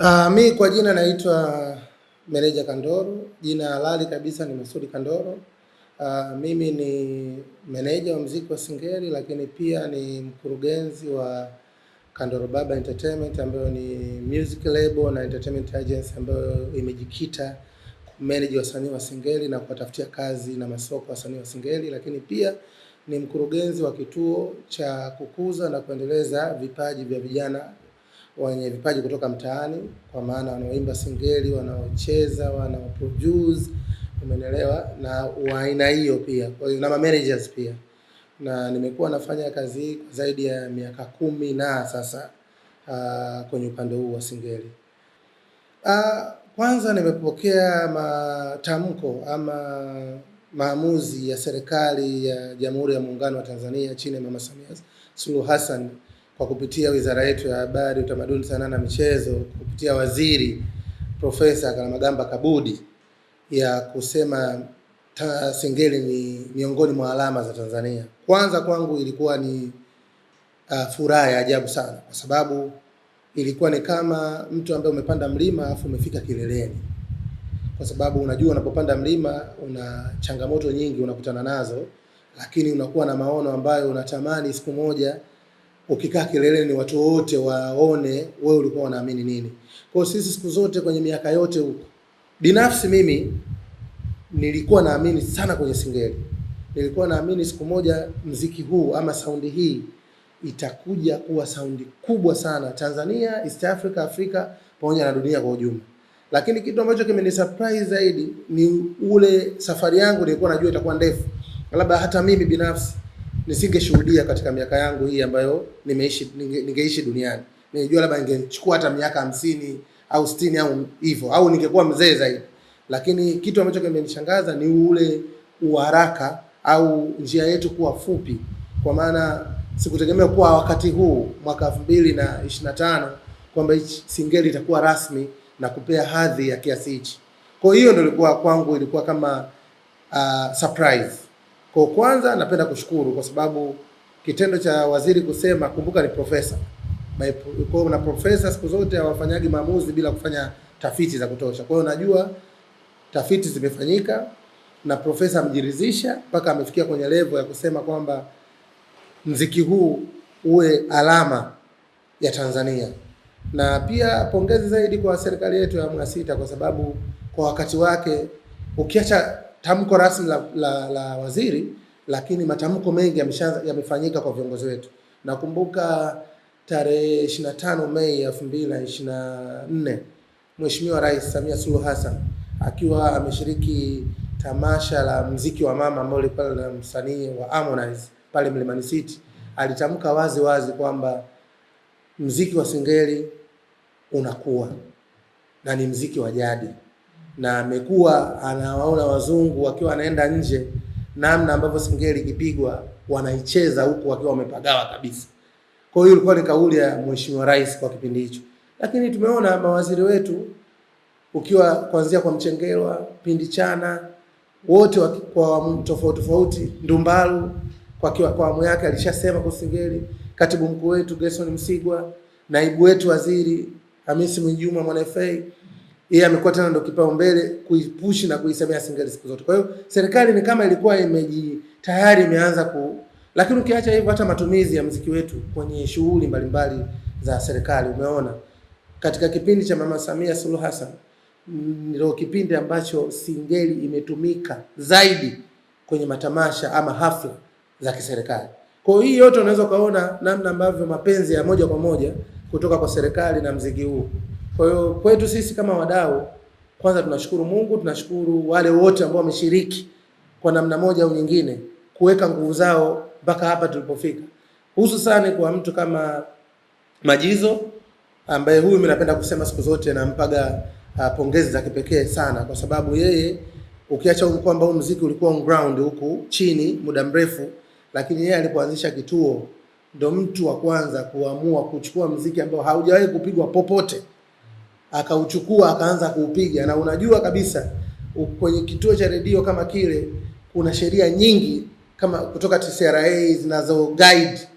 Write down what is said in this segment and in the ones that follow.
Uh, mi kwa jina naitwa Meneja Kandoro, jina halali kabisa ni Masudi Kandoro. Uh, ah, mimi ni meneja wa muziki wa Singeli lakini pia ni mkurugenzi wa Kandoro Baba Entertainment ambayo ni music label na entertainment agency ambayo imejikita kumanage wasanii wa Singeli na kuwatafutia kazi na masoko wasanii wa Singeli, lakini pia ni mkurugenzi wa kituo cha kukuza na kuendeleza vipaji vya vijana wenye vipaji kutoka mtaani, kwa maana wanaoimba singeli, wanaocheza, wanaoproduce, umeelewa, na wa aina hiyo pia. Kwa hiyo na managers pia, na nimekuwa nafanya kazi kwa zaidi ya miaka kumi na sasa uh, kwenye upande huu wa singeli uh, kwanza nimepokea matamko ama maamuzi ya serikali ya Jamhuri ya Muungano wa Tanzania chini ya Mama Samia Suluhu Hassan kwa kupitia wizara yetu ya habari, utamaduni, sanaa na michezo kupitia waziri Profesa Kalamagamba Kabudi ya kusema ta, singeli ni miongoni mwa alama za Tanzania. Kwanza kwangu ilikuwa ni uh, furaha ya ajabu sana, kwa sababu ilikuwa ni kama mtu ambaye umepanda mlima afu umefika kileleni, kwa sababu unajua unapopanda mlima una changamoto nyingi unakutana nazo, lakini unakuwa na maono ambayo unatamani siku moja ukikaa kileleni watu wote waone wewe ulikuwa unaamini nini. Kwa hiyo sisi siku zote kwenye miaka yote huko, binafsi mimi nilikuwa naamini sana kwenye singeli. Nilikuwa naamini siku moja mziki huu ama saundi hii itakuja kuwa saundi kubwa sana Tanzania, East Africa, Afrika pamoja na dunia kwa ujumla. Lakini kitu ambacho kimenisurprise zaidi ni ule safari yangu nilikuwa najua itakuwa ndefu, labda hata mimi binafsi nisingeshuhudia katika miaka yangu hii ambayo nimeishi ningeishi duniani. Ningejua labda ningechukua hata miaka hamsini au sitini au hivyo au ningekuwa mzee zaidi, lakini kitu ambacho kimenishangaza ni ule uharaka au njia yetu kuwa fupi, kwa maana sikutegemea kuwa wakati huu mwaka elfu mbili na ishirini na tano kwamba singeli itakuwa rasmi na kupea hadhi ya kiasi hichi. Kwa hiyo ndio ilikuwa kwangu, ilikuwa kama uh, surprise kwa kwanza, napenda kushukuru kwa sababu kitendo cha waziri kusema, kumbuka ni profesa na profesa siku zote hawafanyagi maamuzi bila kufanya tafiti za kutosha. Kwa hiyo najua tafiti zimefanyika na profesa amejiridhisha mpaka amefikia kwenye levo ya kusema kwamba mziki huu uwe alama ya Tanzania. Na pia pongezi zaidi kwa serikali yetu ya awamu ya sita kwa sababu kwa wakati wake ukiacha tamko rasmi la, la, la waziri, lakini matamko mengi yamefanyika kwa viongozi wetu. Nakumbuka tarehe 25 Mei 2024 Mheshimiwa Rais Samia Suluhu Hassan akiwa ameshiriki tamasha la mziki wa mama ambao ulikuwa na msanii wa Harmonize pale Mlimani City alitamka wazi wazi kwamba mziki wa Singeli unakuwa na ni mziki wa jadi na amekuwa anawaona wazungu wakiwa wanaenda nje, namna ambavyo singeli ikipigwa wanaicheza huku wakiwa wamepagawa kabisa. Kwa hiyo ilikuwa ni kauli ya mheshimiwa rais kwa kipindi hicho, lakini tumeona mawaziri wetu ukiwa kuanzia kwa Mchengelwa, Pindi Chana, wote kwa awamu tofauti tofauti, Ndumbalu kwa kiwa, kwa awamu yake alishasema singeli, katibu mkuu wetu Gerson Msigwa, naibu wetu waziri Hamisi Mwinjuma Mwanafei yeye amekuwa tena ndio kipaumbele kuipushi na kuisemea Singeli siku zote. Kwa hiyo serikali ni kama ilikuwa imeji tayari imeanza ku, lakini ukiacha hivyo, hata matumizi ya mziki wetu kwenye shughuli mbalimbali za serikali, umeona katika kipindi cha Mama Samia Suluhu Hassan ndio kipindi ambacho Singeli imetumika zaidi kwenye matamasha ama hafla za kiserikali. Kwa hiyo hii yote unaweza ukaona namna ambavyo mapenzi ya moja kwa moja kutoka kwa serikali na mziki huu kwa hiyo kwetu sisi kama wadau, kwanza tunashukuru Mungu, tunashukuru wale wote ambao wameshiriki kwa namna moja au nyingine kuweka nguvu zao mpaka hapa tulipofika, hususani kwa mtu kama Majizo ambaye huyu mimi napenda kusema siku zote nampaga uh, pongezi za kipekee sana, kwa sababu yeye ukiacha huko kwamba huu muziki ulikuwa on ground huku chini muda mrefu, lakini yeye alipoanzisha kituo ndo mtu wa kwanza kuamua kuchukua muziki ambao haujawahi kupigwa popote akauchukua akaanza kuupiga, na unajua kabisa kwenye kituo cha redio kama kile kuna sheria nyingi kama kutoka TCRA zinazo guide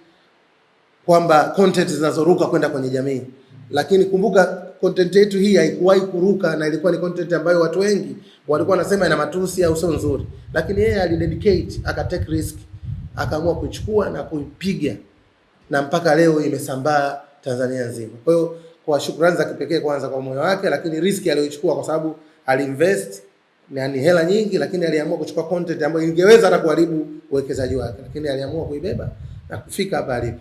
kwamba content zinazoruka kwenda kwenye jamii, lakini kumbuka content yetu hii haikuwahi kuruka, na ilikuwa ni content ambayo watu wengi walikuwa wanasema ina matusi au sio nzuri, lakini yeye alidedicate, aka take risk, akaamua kuichukua na kuipiga, na mpaka leo imesambaa Tanzania nzima. Kwa hiyo kwa shukrani za kipekee kwanza kwa moyo wake, lakini riski aliyochukua kwa sababu aliinvest yani hela nyingi, lakini aliamua kuchukua content ambayo ingeweza hata kuharibu uwekezaji wake, lakini aliamua kuibeba na kufika hapa alipo.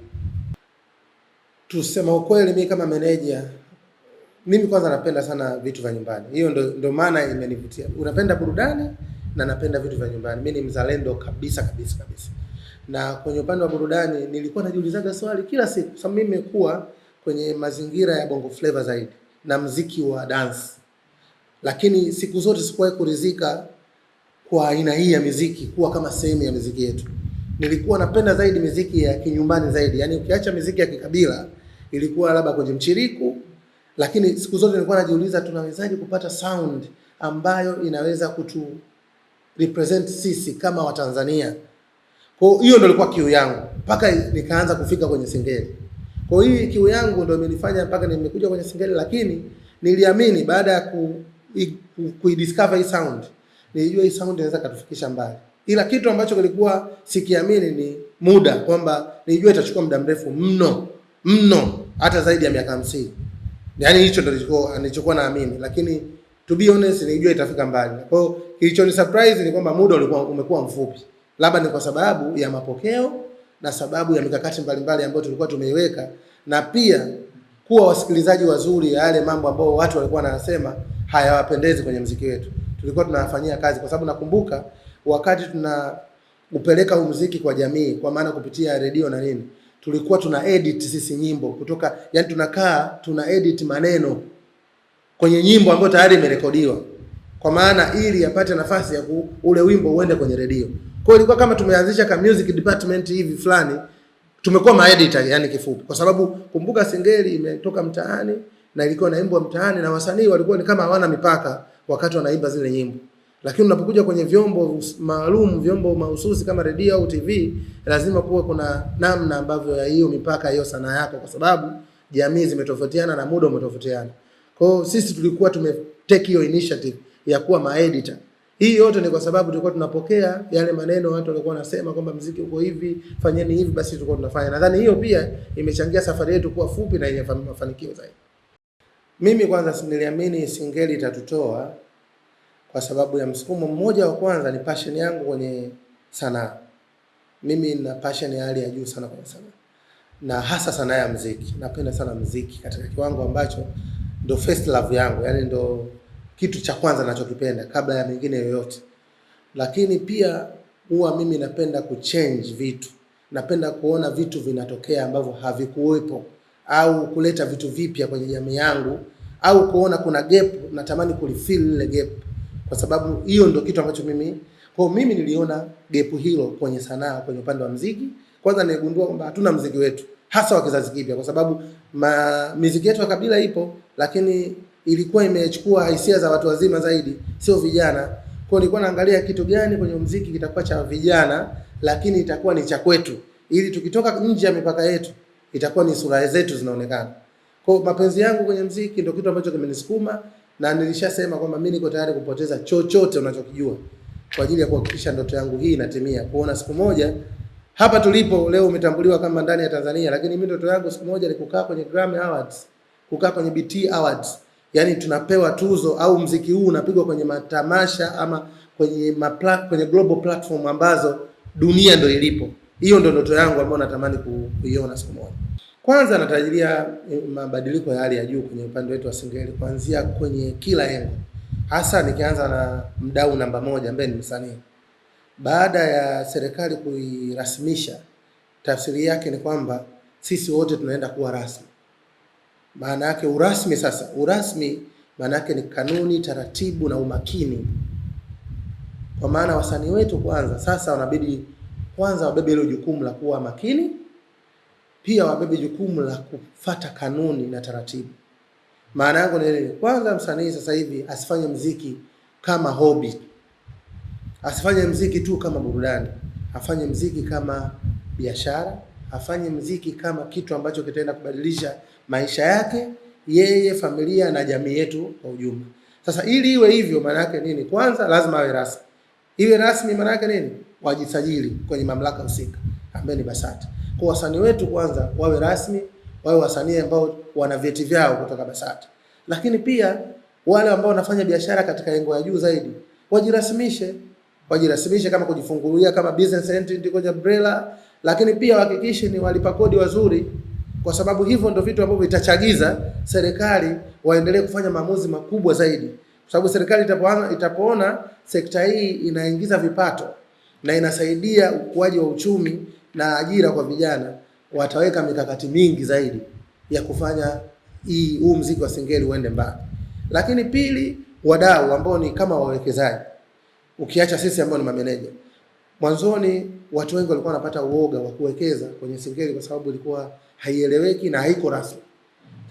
Tusema ukweli, mimi kama manager, mimi kwanza napenda sana vitu vya nyumbani. Hiyo ndo, ndo maana imenivutia. Unapenda burudani na napenda vitu vya nyumbani. Mimi ni mzalendo kabisa kabisa kabisa, na kwenye upande wa burudani nilikuwa najiulizaga swali kila siku, sababu mimi nimekuwa kwenye mazingira ya bongo flava zaidi na mziki wa dance, lakini siku zote sikuwahi kuridhika kwa aina hii ya miziki kuwa kama sehemu ya miziki yetu. Nilikuwa napenda zaidi miziki ya kinyumbani zaidi, yaani ukiacha miziki ya kikabila ilikuwa labda kwenye mchiriku, lakini siku zote nilikuwa najiuliza tunawezaje kupata sound ambayo inaweza kutu represent sisi kama Watanzania. Kwa hiyo ndio ilikuwa kiu yangu mpaka nikaanza kufika kwenye singeli. Kwa hiyo kiu yangu ndio imenifanya mpaka nimekuja kwenye singeli, lakini niliamini baada ya ku, ku, kuidiscover hii sound nilijua hii sound inaweza katufikisha mbali, ila kitu ambacho kilikuwa sikiamini ni muda, kwamba nilijua itachukua muda mrefu mno mno, hata zaidi ya miaka 50. Yani hicho ndio nilichokuwa naamini, lakini to be honest nilijua itafika mbali. Kwa hiyo kilichoni surprise ni kwamba muda ulikuwa umekuwa mfupi, labda ni kwa sababu ya mapokeo na sababu ya mikakati mbalimbali ambayo tulikuwa tumeiweka, na pia kuwa wasikilizaji wazuri ya yale mambo ambayo watu walikuwa wanasema hayawapendezi kwenye mziki wetu, tulikuwa tunafanyia kazi, kwa sababu nakumbuka wakati tuna upeleka huu mziki kwa jamii, kwa maana kupitia redio na nini, tulikuwa tuna edit sisi nyimbo kutoka, yani tunakaa tuna edit maneno kwenye nyimbo ambayo tayari imerekodiwa, kwa maana ili yapate nafasi ya ku, ule wimbo uende kwenye redio. Kwa ilikuwa kama tumeanzisha ka music department hivi fulani, tumekuwa ma editor yani kifupi. Kwa sababu kumbuka Singeli imetoka mtaani na ilikuwa naimbwa mtaani na wasanii walikuwa ni kama hawana mipaka wakati wanaimba zile nyimbo. Lakini unapokuja kwenye vyombo maalum, vyombo mahususi kama redio au TV, lazima kuwa kuna namna ambavyo ya hiyo mipaka hiyo sanaa yako, kwa sababu jamii zimetofautiana na muda umetofautiana. Kwa hiyo sisi tulikuwa tumeteki hiyo initiative ya kuwa maeditor hii yote ni kwa sababu tulikuwa tunapokea yale maneno watu walikuwa wanasema kwamba mziki uko hivi, fanyeni hivi, basi tulikuwa tunafanya. Nadhani hiyo pia imechangia safari yetu kuwa fupi na yenye mafanikio zaidi. Mimi kwanza niliamini singeli itatutoa kwa sababu ya msukumo mmoja wa kwanza ni passion yangu kwenye sanaa. Mimi nina passion ya hali ya juu sana kwenye sanaa. Na hasa sanaa ya mziki. Napenda sana mziki katika kiwango ambacho ndo first love yangu, yani ndo kitu cha kwanza nachokipenda kabla ya mengine yoyote, lakini pia huwa mimi napenda kuchange vitu, napenda kuona vitu vinatokea ambavyo havikuwepo au kuleta vitu vipya kwenye jamii yangu au kuona kuna gap, natamani kulifill lile gap, kwa sababu hiyo ndio kitu ambacho mimi kwa mimi niliona gap hilo kwenye sanaa, kwenye upande wa mziki. Kwanza niligundua kwamba hatuna mziki wetu hasa wa kizazi kipya, kwa sababu ma, miziki yetu ya kabila ipo, lakini ilikuwa imechukua hisia za watu wazima zaidi, sio vijana. Kwa nilikuwa naangalia kitu gani kwenye muziki kitakuwa cha vijana, lakini itakuwa ni cha kwetu, ili tukitoka nje ya mipaka yetu itakuwa ni sura zetu zinaonekana. Kwa mapenzi yangu kwenye muziki ndio kitu ambacho kimenisukuma, na nilishasema kwamba mimi niko tayari kupoteza chochote unachokijua kwa ajili ya kuhakikisha ndoto yangu hii inatimia, kuona siku moja hapa tulipo leo umetambuliwa kama ndani ya Tanzania, lakini mimi ndoto yangu siku moja ni kukaa kwenye Grammy Awards, kukaa kwenye BT Awards yani tunapewa tuzo au mziki huu unapigwa kwenye matamasha ama kwenye mapla, kwenye global platform ambazo dunia ndo ilipo. Hiyo ndo ndoto yangu ambayo natamani kuiona siku moja. Kwanza natarajia eh, mabadiliko ya hali ya juu kwenye upande wetu wa Singeli, kuanzia kwenye kila eneo, hasa nikianza na mdau namba moja ambaye ni msanii. Baada ya serikali kuirasimisha tafsiri yake ni kwamba sisi wote tunaenda kuwa rasmi maana yake urasmi. Sasa urasmi maana yake ni kanuni, taratibu na umakini. Kwa maana wasanii wetu kwanza sasa wanabidi kwanza wabebe hilo jukumu la kuwa makini, pia wabebe jukumu la kufata kanuni na taratibu. Maana yangu ni nini? Kwanza msanii sasa hivi asifanye mziki kama hobi, asifanye mziki tu kama burudani, afanye mziki kama biashara, afanye mziki kama kitu ambacho kitaenda kubadilisha maisha yake yeye, familia na jamii yetu kwa ujumla. Sasa ili iwe hivyo, maana yake nini? Kwanza lazima awe rasmi. Iwe rasmi maana yake nini? Wajisajili kwenye mamlaka husika ambayo ni BASATA. Kwa wasanii wetu kwanza wawe rasmi, wawe wasanii ambao wana vyeti vyao kutoka BASATA, lakini pia wale ambao wanafanya biashara katika lengo ya juu zaidi wajirasimishe, wajirasimishe kama kujifungulia kama business entity kwenye BRELA, lakini pia wahakikishe ni walipa kodi wazuri kwa sababu hivyo ndio vitu ambavyo vitachagiza serikali waendelee kufanya maamuzi makubwa zaidi, kwa sababu serikali itapoona itapoona sekta hii inaingiza vipato na inasaidia ukuaji wa uchumi na ajira kwa vijana, wataweka mikakati mingi zaidi ya kufanya hii huu mziki wa singeli uende mbali. Lakini pili, wadau ambao ni kama wawekezaji, ukiacha sisi ambao ni mameneja Mwanzoni watu wengi walikuwa wanapata uoga wa kuwekeza kwenye singeli kwa sababu ilikuwa haieleweki na haiko rasmi.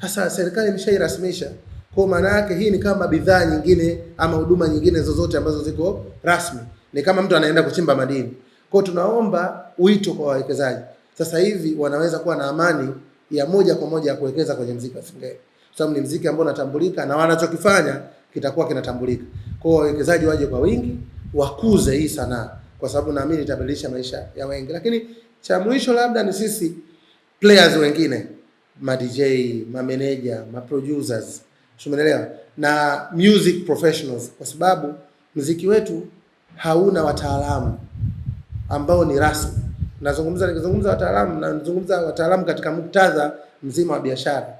Sasa serikali imeshairasmisha, kwa maana yake hii ni kama bidhaa nyingine ama huduma nyingine zozote ambazo ziko rasmi, ni kama mtu anaenda kuchimba madini. Kwa tunaomba wito kwa wawekezaji, sasa hivi wanaweza kuwa na amani ya moja kwa moja ya kuwekeza kwenye mziki wa singeli, kwa sababu ni mziki ambao unatambulika na wanachokifanya kitakuwa kinatambulika. Kwa hiyo wawekezaji waje kwa wingi, wakuze hii sanaa kwa sababu naamini itabadilisha maisha ya wengi. Lakini cha mwisho labda ni sisi players wengine, ma DJ, ma manager, ma producers, tumeelewa na music professionals, kwa sababu mziki wetu hauna wataalamu ambao ni rasmi. Nazungumza, nikizungumza wataalamu nazungumza wataalamu katika muktadha mzima wa biashara,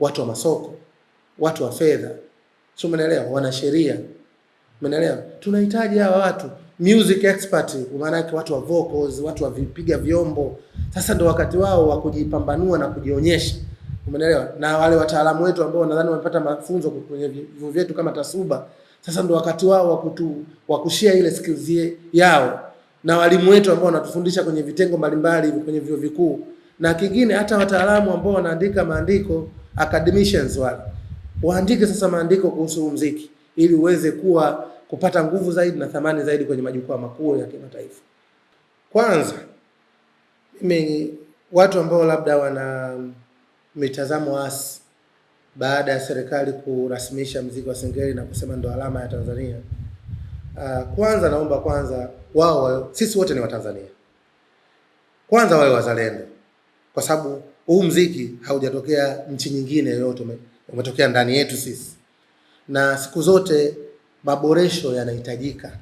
watu wa masoko, watu wa fedha, sio, umeelewa, wana sheria, umeelewa. Tunahitaji hawa watu music expert, maana yake watu wa vocals, watu wa vipiga vyombo. Sasa ndo wakati wao wa kujipambanua na kujionyesha, umeelewa? Na wale wataalamu wetu ambao nadhani wamepata mafunzo kwenye vyuo vyetu kama TASUBA, sasa ndo wakati wao wa kutu wa kushare ile skills yao na walimu wetu ambao wanatufundisha kwenye vitengo mbalimbali kwenye vyuo vikuu, na kingine hata wataalamu ambao wanaandika maandiko academicians, wale waandike sasa maandiko kuhusu muziki ili uweze kuwa kupata nguvu zaidi na thamani zaidi kwenye majukwaa makuu ya kimataifa. Kwanza mimi, watu ambao labda wana mitazamo hasi baada ya serikali kurasmisha mziki wa Singeli na kusema ndo alama ya Tanzania. Uh, kwanza naomba kwanza wao, sisi wote ni Watanzania, kwanza wawe wazalendo, kwa sababu huu mziki haujatokea nchi nyingine yoyote, umetokea ndani yetu sisi, na siku zote maboresho yanahitajika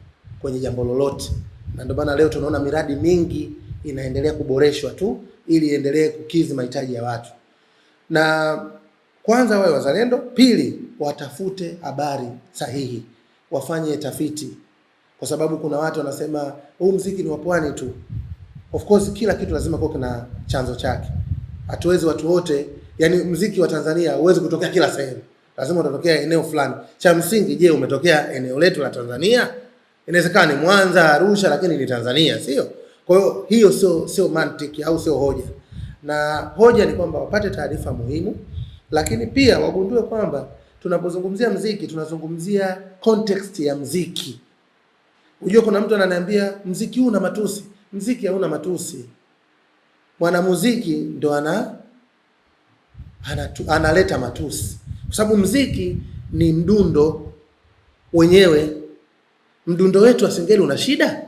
kwenye jambo lolote, na ndio maana leo tunaona miradi mingi inaendelea kuboreshwa tu ili iendelee kukidhi mahitaji ya watu. Na kwanza wawe wazalendo, pili watafute habari sahihi, wafanye tafiti, kwa sababu kuna watu wanasema huu mziki ni wa pwani tu. Of course kila kitu lazima kuwa kina chanzo chake, hatuwezi watu wote, yani mziki wa Tanzania huwezi kutokea kila sehemu lazima utatokea eneo fulani. Cha msingi, je, umetokea eneo letu la Tanzania? Inawezekana ni Mwanza, Arusha, lakini ni Tanzania, sio? Kwa hiyo hiyo sio sio mantiki au sio hoja, na hoja ni kwamba wapate taarifa muhimu, lakini pia wagundue kwamba tunapozungumzia mziki tunazungumzia context ya mziki. Unajua, kuna mtu ananiambia mziki huu una matusi. Mziki hauna matusi, mwanamuziki ndo ana analeta matusi kwa sababu mziki ni mdundo wenyewe. Mdundo wetu wa singeli una shida?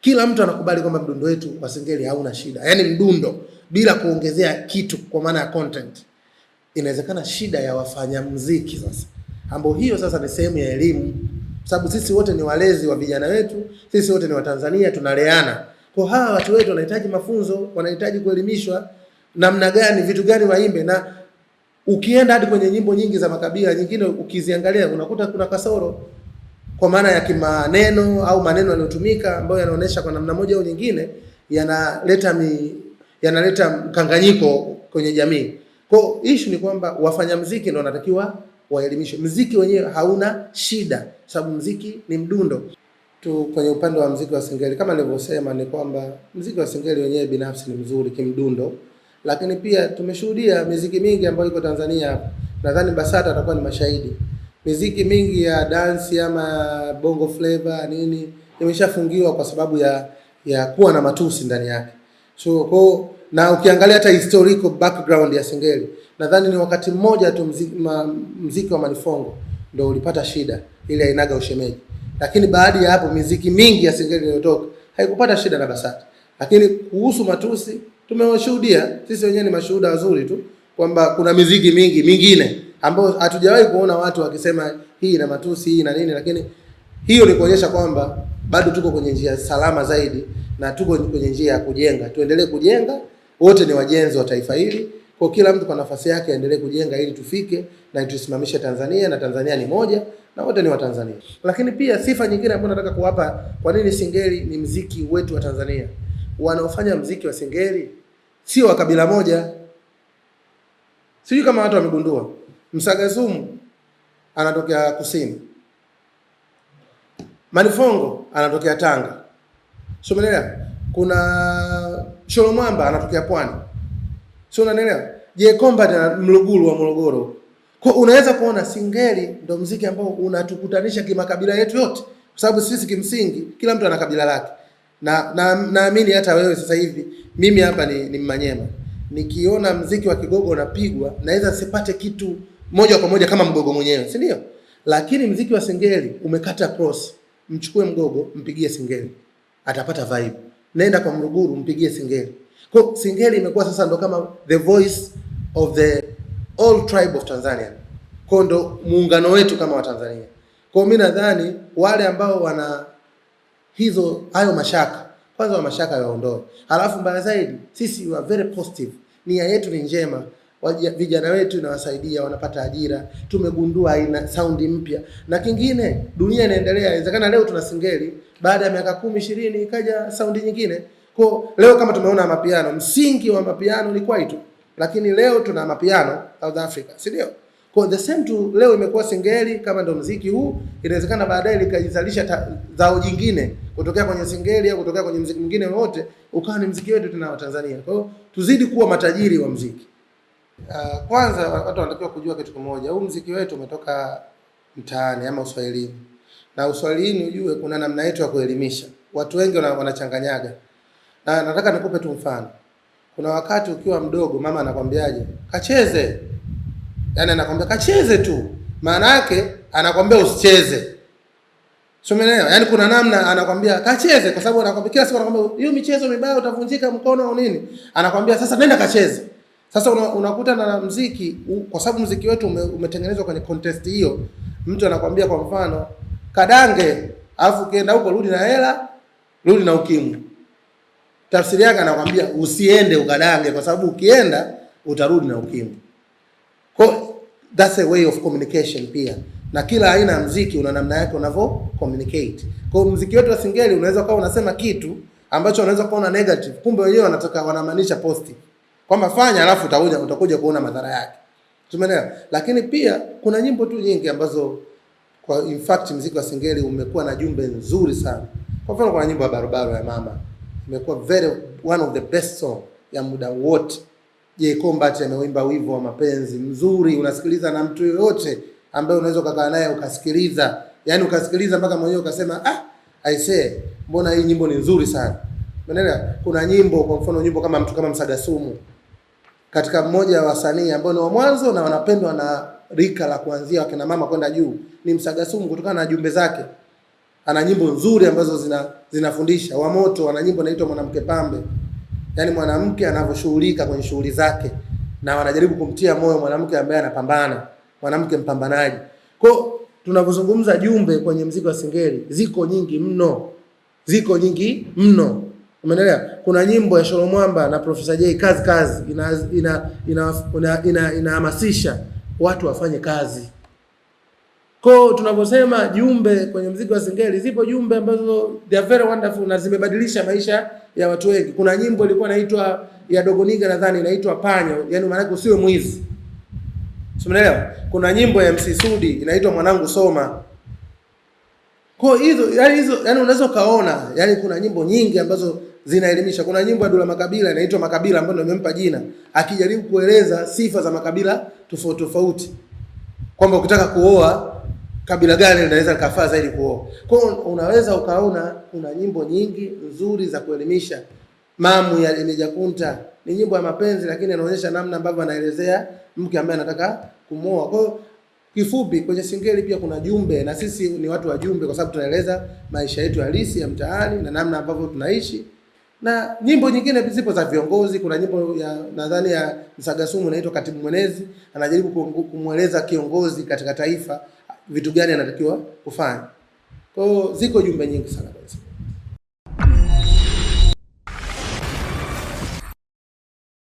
Kila mtu anakubali kwamba mdundo wetu wa singeli hauna shida, yaani mdundo bila kuongezea kitu kwa maana ya content. Inawezekana shida ya wafanya mziki sasa, ambayo hiyo sasa ni sehemu ya elimu, sababu sisi wote ni walezi wa vijana wetu, sisi wote ni Watanzania, tunaleana kwa hawa watu wetu wanahitaji mafunzo, wanahitaji kuelimishwa namna gani, vitu gani waimbe na Ukienda hadi kwenye nyimbo nyingi za makabila nyingine ukiziangalia unakuta kuna kasoro kwa maana ya kimaneno au maneno yanayotumika ambayo yanaonyesha kwa namna moja au nyingine yanaleta mi, yanaleta mkanganyiko kwenye jamii. Kwa hiyo issue ni kwamba wafanya mziki ndio wanatakiwa waelimishwe. Mziki wenyewe hauna shida, sababu mziki ni mdundo tu. Kwenye upande wa mziki wa Singeli, kama nilivyosema, ni kwamba mziki wa Singeli wenyewe binafsi ni mzuri kimdundo lakini pia tumeshuhudia miziki mingi ambayo iko Tanzania hapa, nadhani Basata atakuwa ni mashahidi. Miziki mingi ya dansi ama bongo flavor nini imeshafungiwa kwa sababu ya ya kuwa na matusi ndani yake. So kwa na ukiangalia hata historical background ya Singeli, nadhani ni wakati mmoja tu mziki, ma, mziki wa Manifongo ndio ulipata shida ile ainaga ushemeji, lakini baada ya hapo miziki mingi ya Singeli iliyotoka haikupata shida na Basata, lakini kuhusu matusi Tumewashuhudia sisi wenyewe, ni mashuhuda wazuri tu kwamba kuna miziki mingi mingine ambayo hatujawahi kuona watu wakisema hii ina matusi, hii na nini, lakini hiyo ni kuonyesha kwamba bado tuko kwenye njia salama zaidi na tuko kwenye njia ya kujenga. Tuendelee kujenga, wote ni wajenzi wa taifa hili, kwa kila mtu kwa nafasi yake aendelee kujenga ili tufike na tusimamishe Tanzania, na Tanzania ni moja na wote ni Watanzania. Lakini pia sifa nyingine ambayo nataka kuwapa, kwa nini Singeli ni mziki wetu wa Tanzania, wanaofanya mziki wa Singeli sio wa kabila moja. Sijui kama watu wamegundua, Msagazumu anatokea kusini, Manifongo anatokea Tanga, sio unaelewa? Kuna Sholomwamba anatokea Pwani, sio unaelewa? Je, Komba na Mluguru wa Morogoro. Kwa unaweza kuona Singeli ndio mziki ambao unatukutanisha kimakabila yetu yote, kwa sababu sisi kimsingi kila mtu ana kabila lake na naamini na hata wewe sasa hivi, mimi hapa ni, ni Mmanyema, nikiona mziki wa Kigogo unapigwa naweza sipate kitu moja kwa moja kama Mgogo mwenyewe, si ndio? Lakini mziki wa Singeli umekata cross, mchukue Mgogo mpigie Singeli atapata vibe. Nenda kwa Mruguru mpigie Singeli. Kwa Singeli imekuwa sasa ndo kama the voice of the all tribe of Tanzania, kwa ndo muungano wetu kama Watanzania. Kwa mimi nadhani wale ambao wana hizo hayo mashaka kwanza, wa mashaka yaondoe. Halafu mbaya zaidi, sisi wa very positive, nia yetu ni njema, vijana wetu inawasaidia, wanapata ajira, tumegundua aina saundi mpya. Na kingine, dunia inaendelea, inawezekana leo tuna singeli, baada ya miaka kumi ishirini ikaja saundi nyingine. Kwa leo kama tumeona mapiano, msingi wa mapiano ni kwaitu, lakini leo tuna mapiano South Africa, si ndio? Kwa the same tu leo imekuwa singeli kama ndo mziki huu, inawezekana baadaye likajizalisha zao jingine kutokea kwenye singeli au kutokea kwenye mziki mwingine wote ukawa ni mziki wetu tena wa Tanzania. Kwa hiyo tuzidi kuwa matajiri wa mziki. Uh, kwanza watu wanatakiwa kujua kitu kimoja, huu mziki wetu umetoka mtaani ama uswahilini, na uswahilini ujue kuna namna yetu ya kuelimisha watu wengi wanachanganyaga, na nataka nikupe tu mfano. Kuna wakati ukiwa mdogo mama anakwambiaje, kacheze Yaani anakwambia kacheze tu, maana yake anakwambia usicheze. Sio, umeelewa? Yaani kuna namna anakwambia kacheze, kwa sababu anakwambia kila siku, anakwambia hiyo michezo mibaya utavunjika mkono au nini, anakwambia sasa nenda kacheze. Sasa unakuta una na mziki, kwa sababu mziki wetu ume, umetengenezwa kwenye contest hiyo. Mtu anakwambia kwa mfano kadange, alafu ukienda huko rudi na hela, rudi na ukimwi. Tafsiri yake anakwambia usiende ukadange, kwa sababu ukienda utarudi na ukimwi. Kwa that's a way of communication pia, na kila aina ya mziki una namna yake unavyo communicate. Kwa mziki wetu wa Singeli unaweza kuwa unasema kitu ambacho unaweza kuona negative, kumbe wenyewe wanataka wanamaanisha positive kwamba fanya, alafu utakuja utakuja kuona madhara yake, tumeelewa. Lakini pia kuna nyimbo tu nyingi ambazo kwa in fact mziki wa Singeli umekuwa na jumbe nzuri sana. Kwa mfano kuna nyimbo ya barabara ya mama imekuwa very one of the best song ya muda wote Jay Combat ameimba wimbo wa mapenzi mzuri, unasikiliza na mtu yoyote ambaye unaweza ukakaa naye ukasikiliza, yani ukasikiliza mpaka mwenyewe ukasema ah, I say mbona hii nyimbo ni nzuri sana. Unaelewa, kuna nyimbo kwa mfano nyimbo kama mtu kama Msagasumu katika mmoja wa wasanii ambao ni wa mwanzo na wanapendwa na rika la kuanzia wakina mama kwenda juu ni Msagasumu kutokana na jumbe zake. Ana nyimbo nzuri ambazo zina- zinafundisha. Wamoto ana nyimbo inaitwa mwanamke pambe yani mwanamke anavyoshughulika kwenye shughuli zake, na wanajaribu kumtia moyo mwanamke ambaye anapambana, mwanamke mpambanaji. Kwa tunavyozungumza jumbe kwenye mziki wa Singeli ziko nyingi mno, ziko nyingi mno, umeelewa? Kuna nyimbo ya Sholo Mwamba na Profesa Jay kazi kazi, inahamasisha ina, ina, ina, ina, ina watu wafanye kazi kwa tunaposema jumbe kwenye mziki wa Singeli, zipo jumbe ambazo they are very wonderful na zimebadilisha maisha ya watu wengi. Kuna nyimbo ilikuwa inaitwa ya Dogoniga nadhani inaitwa Panya, yani maana yake usiwe mwizi. Umeelewa? Kuna nyimbo ya MC Sudi inaitwa Mwanangu Soma. Kwa hizo yani hizo yani unaweza kaona, yani kuna nyimbo nyingi ambazo zinaelimisha. Kuna nyimbo ya Dula Makabila inaitwa Makabila ambayo nimempa jina, akijaribu kueleza sifa za makabila tofauti tofauti. Kwamba ukitaka kuoa kabila gani linaweza likafaa zaidi kuoa. Kwa hiyo unaweza ukaona kuna nyimbo nyingi nzuri za kuelimisha. Mamu ya Imejakunta ni nyimbo ya mapenzi, lakini inaonyesha namna ambavyo anaelezea mke ambaye anataka kumwoa. Kwa hiyo kifupi, kwenye Singeli pia kuna jumbe, na sisi ni watu wa jumbe, kwa sababu tunaeleza maisha yetu halisi ya mtaani na namna ambavyo tunaishi na nyimbo nyingine zipo za viongozi. Kuna nyimbo ya nadhani ya Msagasumu inaitwa Katibu Mwenezi, anajaribu kumweleza kiongozi katika taifa vitu gani anatakiwa kufanya. Kwa hiyo ziko jumbe nyingi sana.